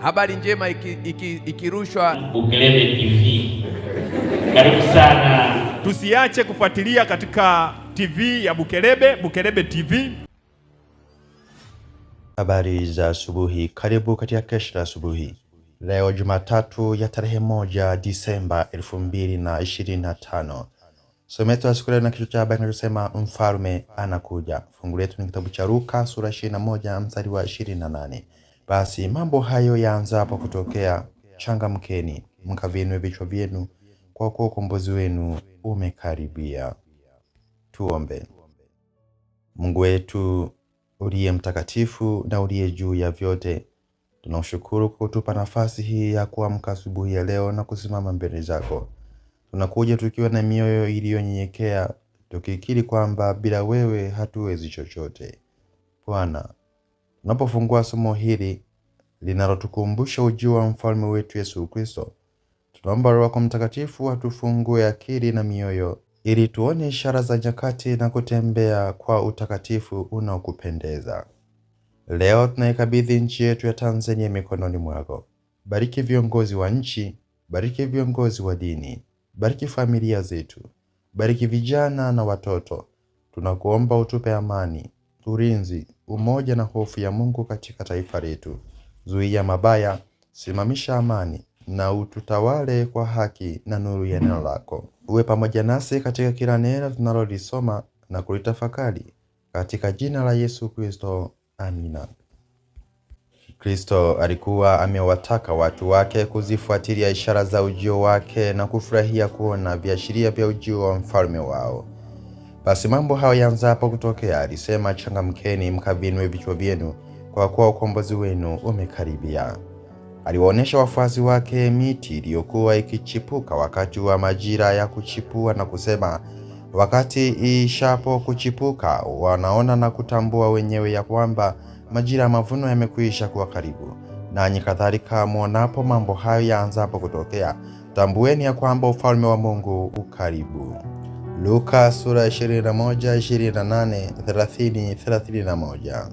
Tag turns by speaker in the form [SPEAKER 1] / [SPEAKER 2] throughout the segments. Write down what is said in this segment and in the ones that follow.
[SPEAKER 1] Habari njema ikirushwa iki, iki
[SPEAKER 2] Bukelebe TV. Karibu sana,
[SPEAKER 3] tusiache kufuatilia katika TV ya Bukelebe, Bukelebe TV.
[SPEAKER 4] Habari za asubuhi, karibu katika kesha la asubuhi leo Jumatatu ya tarehe moja Disemba elfu mbili na ishirini na tano. Somo letu la siku leo na kichwa cha habari kinachosema mfalme anakuja. Fungu letu ni kitabu cha Luka sura 21 mstari wa 28. Basi mambo hayo yaanzapo kutokea, changamkeni mkavinue vichwa vyenu, kwa kuwa ukombozi wenu umekaribia. Tuombe. Mungu wetu uliye mtakatifu na uliye juu ya vyote, tunaushukuru kwa kutupa nafasi hii ya kuamka asubuhi ya leo na kusimama mbele zako. Tunakuja tukiwa na mioyo iliyonyenyekea, tukikiri kwamba bila wewe hatuwezi chochote. Bwana, Tunapofungua somo hili linalotukumbusha ujio wa mfalme wetu Yesu Kristo, tunaomba Roho yako Mtakatifu atufungue akili na mioyo ili tuone ishara za nyakati na kutembea kwa utakatifu unaokupendeza. Leo tunaikabidhi nchi yetu ya Tanzania mikononi mwako. Bariki viongozi wa nchi, bariki viongozi wa dini, bariki familia zetu, bariki vijana na watoto. Tunakuomba utupe amani, ulinzi, umoja na hofu ya Mungu katika taifa letu. Zuia mabaya, simamisha amani na ututawale kwa haki na nuru ya neno lako. Uwe pamoja nasi katika kila neno tunalolisoma na kulitafakari, katika jina la Yesu Kristo, amina. Kristo alikuwa amewataka watu wake kuzifuatilia ishara za ujio wake na kufurahia kuona viashiria vya ujio wa mfalme wao. Basi mambo hayo yanzapo kutokea, alisema, changamkeni mkavinue vichwa vyenu, kwa kuwa ukombozi wenu umekaribia. Aliwaonyesha wafuasi wake miti iliyokuwa ikichipuka wakati wa majira ya kuchipua na kusema, wakati iishapo kuchipuka, wanaona na kutambua wenyewe ya kwamba majira ya mavuno yamekwisha kuwa karibu. Nanyi kadhalika, mwonapo mambo hayo yaanzapo kutokea, tambueni ya kwamba ufalme wa Mungu ukaribu. Luka sura 2128 30, 31.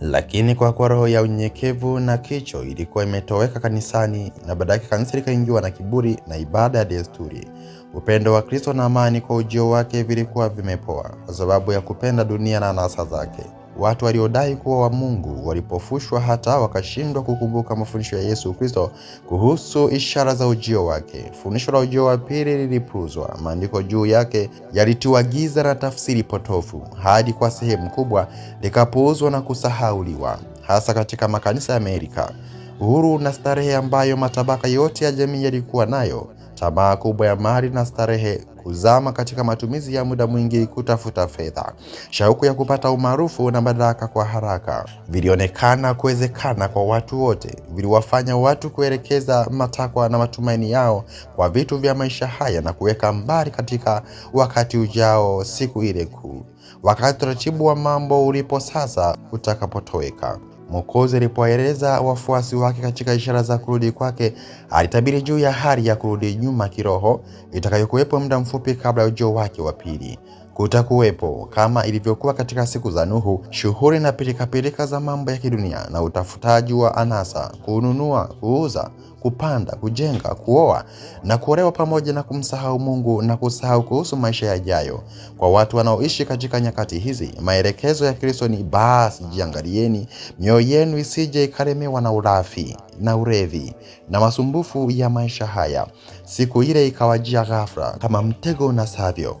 [SPEAKER 4] Lakini kwa kuwa roho ya unyenyekevu na kicho ilikuwa imetoweka kanisani na baadaye kanisa likaingiwa na kiburi na ibada ya desturi, upendo wa Kristo na amani kwa ujio wake vilikuwa vimepoa kwa sababu ya kupenda dunia na anasa zake. Watu waliodai kuwa wa Mungu walipofushwa hata wakashindwa kukumbuka mafundisho ya Yesu Kristo kuhusu ishara za ujio wake. Fundisho la ujio wa pili lilipuuzwa, maandiko juu yake yalitiwa giza na tafsiri potofu hadi kwa sehemu kubwa likapuuzwa na kusahauliwa, hasa katika makanisa ya Amerika. Uhuru na starehe ambayo matabaka yote ya jamii yalikuwa nayo, tamaa kubwa ya mali na starehe kuzama katika matumizi ya muda mwingi kutafuta fedha. Shauku ya kupata umaarufu na madaraka kwa haraka vilionekana kuwezekana kwa watu wote, viliwafanya watu kuelekeza matakwa na matumaini yao kwa vitu vya maisha haya na kuweka mbali katika wakati ujao, siku ile kuu, wakati utaratibu wa mambo ulipo sasa utakapotoweka. Mwokozi alipoeleza wafuasi wake katika ishara za kurudi kwake, alitabiri juu ya hali ya kurudi nyuma kiroho itakayokuwepo muda mfupi kabla ya ujio wake wa pili kutakuwepo kama ilivyokuwa katika siku za Nuhu, shughuli na pilikapilika za mambo ya kidunia na utafutaji wa anasa, kununua, kuuza, kupanda, kujenga, kuoa na kuolewa, pamoja na kumsahau Mungu na kusahau kuhusu maisha yajayo. Kwa watu wanaoishi katika nyakati hizi, maelekezo ya Kristo ni basi, jiangalieni mioyo yenu isije ikalemewa na urafi na urevi na masumbufu ya maisha haya, siku ile ikawajia ghafla kama mtego unasavyo.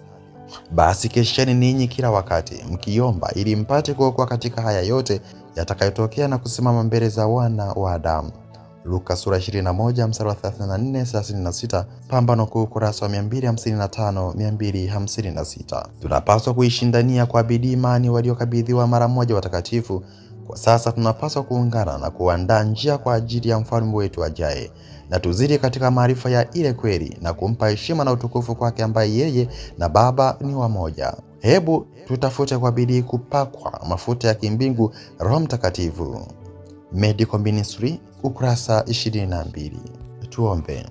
[SPEAKER 4] Basi kesheni ninyi kila wakati mkiomba, ili mpate kuokoa katika haya yote yatakayotokea na kusimama mbele za wana wa Adamu. Luka sura 21 mstari 34 36, Pambano Kuu kurasa wa 255 256. Tunapaswa kuishindania kwa bidii imani waliokabidhiwa mara moja watakatifu kwa sasa tunapaswa kuungana na kuandaa njia kwa ajili ya mfalme wetu ajaye, na tuzidi katika maarifa ya ile kweli na kumpa heshima na utukufu kwake, ambaye yeye na Baba ni wamoja. Hebu tutafute kwa bidii kupakwa mafuta ya kimbingu Roho Mtakatifu. Medical Ministry ukurasa 22. Tuombe.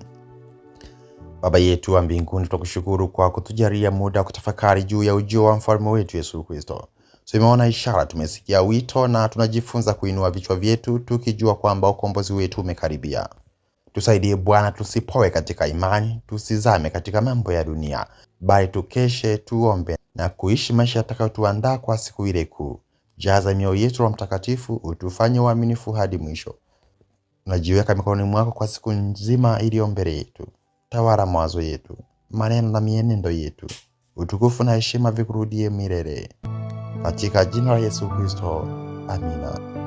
[SPEAKER 4] Baba yetu wa mbinguni, tunakushukuru kwa kutujalia muda wa kutafakari juu ya ujio wa mfalme wetu Yesu Kristo. Tumeona ishara, tumesikia wito na tunajifunza kuinua vichwa vyetu tukijua kwamba ukombozi wetu umekaribia. Tusaidie Bwana, tusipoe katika imani, tusizame katika mambo ya dunia, bali tukeshe, tuombe na kuishi maisha yatakayotuandaa kwa siku ile kuu. Jaza mioyo yetu Roho Mtakatifu, utufanye waaminifu hadi mwisho. Tunajiweka mikononi mwako kwa siku nzima iliyo mbele yetu. Tawala mawazo yetu, maneno na mienendo yetu. Utukufu na heshima vikurudie milele. Katika jina la Yesu Kristo, amina.